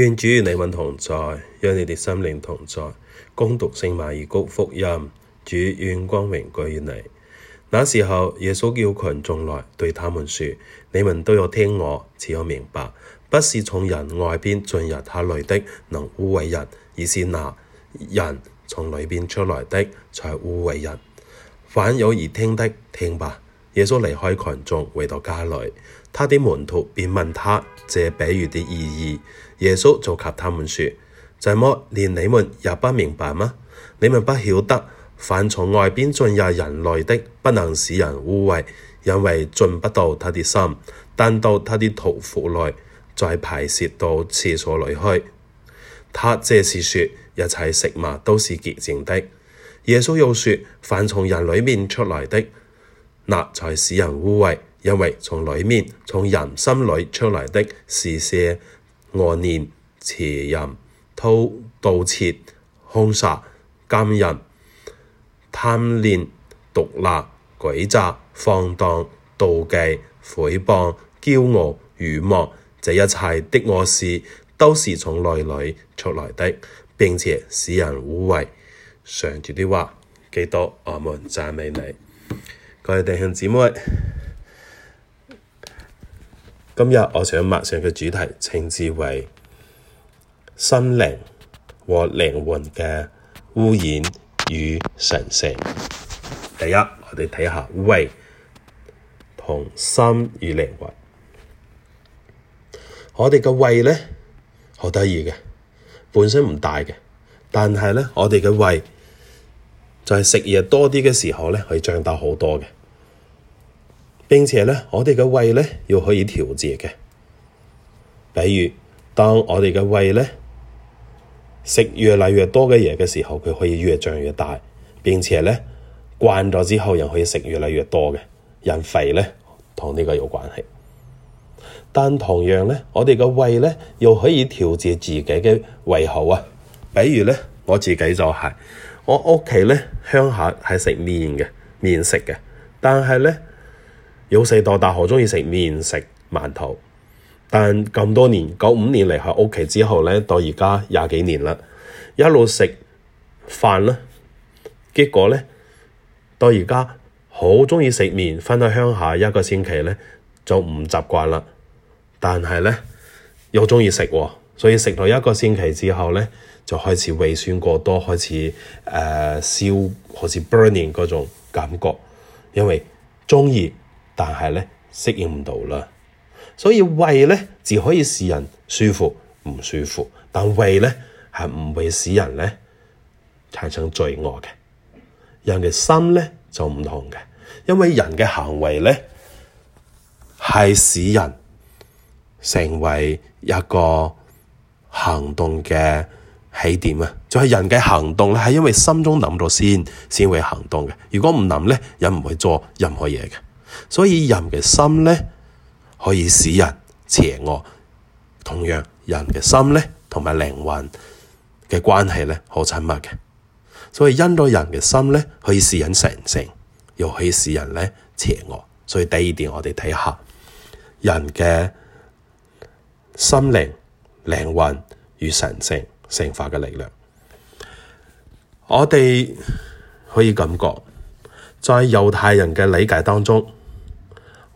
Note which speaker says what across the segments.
Speaker 1: 願主與你們同在，願你哋心靈同在，恭讀聖馬爾谷福音。主願光榮歸於你。那時候，耶穌叫群眾來，對他們說：你們都要聽我，只有明白，不是從人外邊進入他來的能污穢人，而是那人從裏邊出來的才污穢人。凡有耳聽的，聽吧。耶穌離開群眾，回到家裏，他的門徒便問他這比喻的意義。耶穌就給他們說：怎麼連你們也不明白嗎？你們不曉得，凡從外邊進入人內的，不能使人污穢，因為進不到他的心，但到他的肚腹內，再排泄到廁所裏去。他這是說一切食物都是潔淨的。耶穌又說：凡從人裏面出來的。那才使人污穢，因為從裏面、從人心裏出來的是些惡念、邪淫、偷、盜竊、兇殺、姦淫、貪戀、毒辣、詭詐、放蕩、妒忌、誹謗、驕傲、愚妄，這一切的惡事都是從內裏出來的，並且使人污穢。上主的話，基督我們讚美你。各位弟兄姊妹，今日我想默上嘅主題，稱之為心靈和靈魂嘅污染與神聖。第一，我哋睇下胃同心與靈魂。我哋嘅胃咧，好得意嘅，本身唔大嘅，但係咧我哋嘅胃就係食嘢多啲嘅時候咧，可以脹大好多嘅。並且呢，我哋嘅胃呢，又可以調節嘅。比如當我哋嘅胃呢，食越嚟越多嘅嘢嘅時候，佢可以越漲越大。並且呢，慣咗之後，人可以食越嚟越多嘅。人肥呢，同呢個有關係。但同樣呢，我哋嘅胃呢，又可以調節自己嘅胃口啊。比如呢，我自己就係我屋企呢，鄉下係食麵嘅麵食嘅，但係呢。由細到大好中意食麵食饅頭，但咁多年九五年嚟喺屋企之後咧，到而家廿幾年啦，一路食飯啦，結果咧到而家好中意食麵，返到鄉下一個星期咧就唔習慣啦，但係咧又中意食喎，所以食到一個星期之後咧就開始胃酸過多，開始誒燒，開始 burning 嗰種感覺，因為中意。但係咧，適應唔到啦，所以胃咧只可以使人舒服唔舒服，但胃咧係唔會使人咧產生罪惡嘅。人嘅心咧就唔同嘅，因為人嘅行為咧係使人成為一個行動嘅起點啊，就係、是、人嘅行動咧係因為心中諗咗先先會行動嘅。如果唔諗咧，人唔會做任何嘢嘅。所以人嘅心咧可以使人邪惡，同樣人嘅心咧同埋靈魂嘅關係咧好親密嘅，所以因到人嘅心咧可以使人神聖，又可以使人咧邪惡。所以第二點我哋睇下人嘅心靈、靈魂與神聖聖化嘅力量，我哋可以感覺在猶太人嘅理解當中。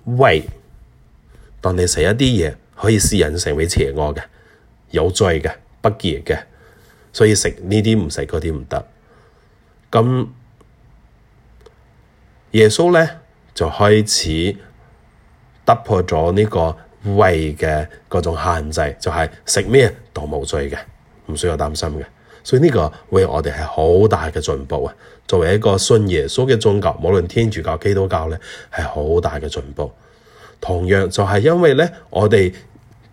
Speaker 1: 胃，當你食一啲嘢可以使人成為邪惡嘅、有罪嘅、不潔嘅，所以食，食呢啲唔食嗰啲唔得。咁耶穌咧就開始突破咗呢個胃嘅嗰種限制，就係食咩都冇罪嘅，唔需要擔心嘅。所以呢個為我哋係好大嘅進步啊！作為一個信耶穌嘅宗教，無論天主教、基督教咧，係好大嘅進步。同樣就係因為咧，我哋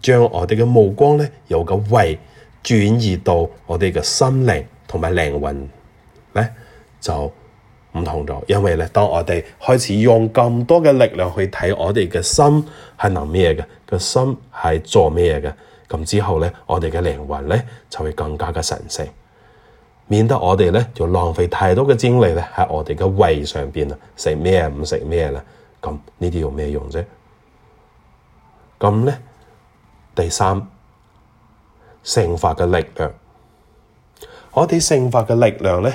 Speaker 1: 將我哋嘅目光咧，由個胃轉移到我哋嘅心靈同埋靈魂咧，就唔同咗。因為咧，當我哋開始用咁多嘅力量去睇我哋嘅心係諗咩嘅，個心係做咩嘅。咁之後咧，我哋嘅靈魂咧就會更加嘅神聖，免得我哋咧就浪費太多嘅精力咧喺我哋嘅胃上邊啦，食咩唔食咩啦。咁呢啲有咩用啫？咁咧第三，聖化嘅力量，我哋聖化嘅力量咧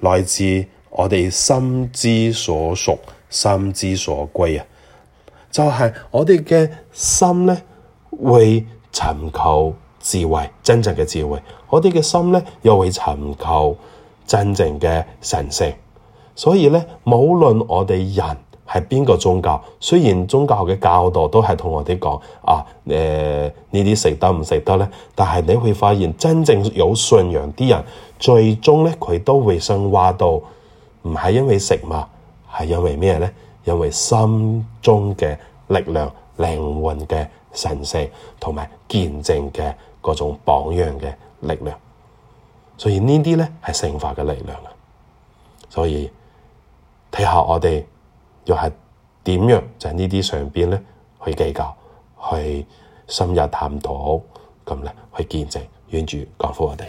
Speaker 1: 來自我哋心之所屬，心之所歸啊，就係我哋嘅心咧會尋求智慧，真正嘅智慧，我哋嘅心呢，又會尋求真正嘅神聖。所以呢，無論我哋人係邊個宗教，雖然宗教嘅教導都係同我哋講啊，誒呢啲食得唔食得呢？但係你會發現真正有信仰啲人，最終呢，佢都會升華到，唔係因為食嘛，係因為咩呢？因為心中嘅力量。靈魂嘅神聖同埋見證嘅嗰種榜樣嘅力量，所以呢啲咧係聖化嘅力量啦。所以睇下我哋又係點樣就喺、是、呢啲上邊咧去計較，去深入探討，咁咧去見證，願主降福我哋。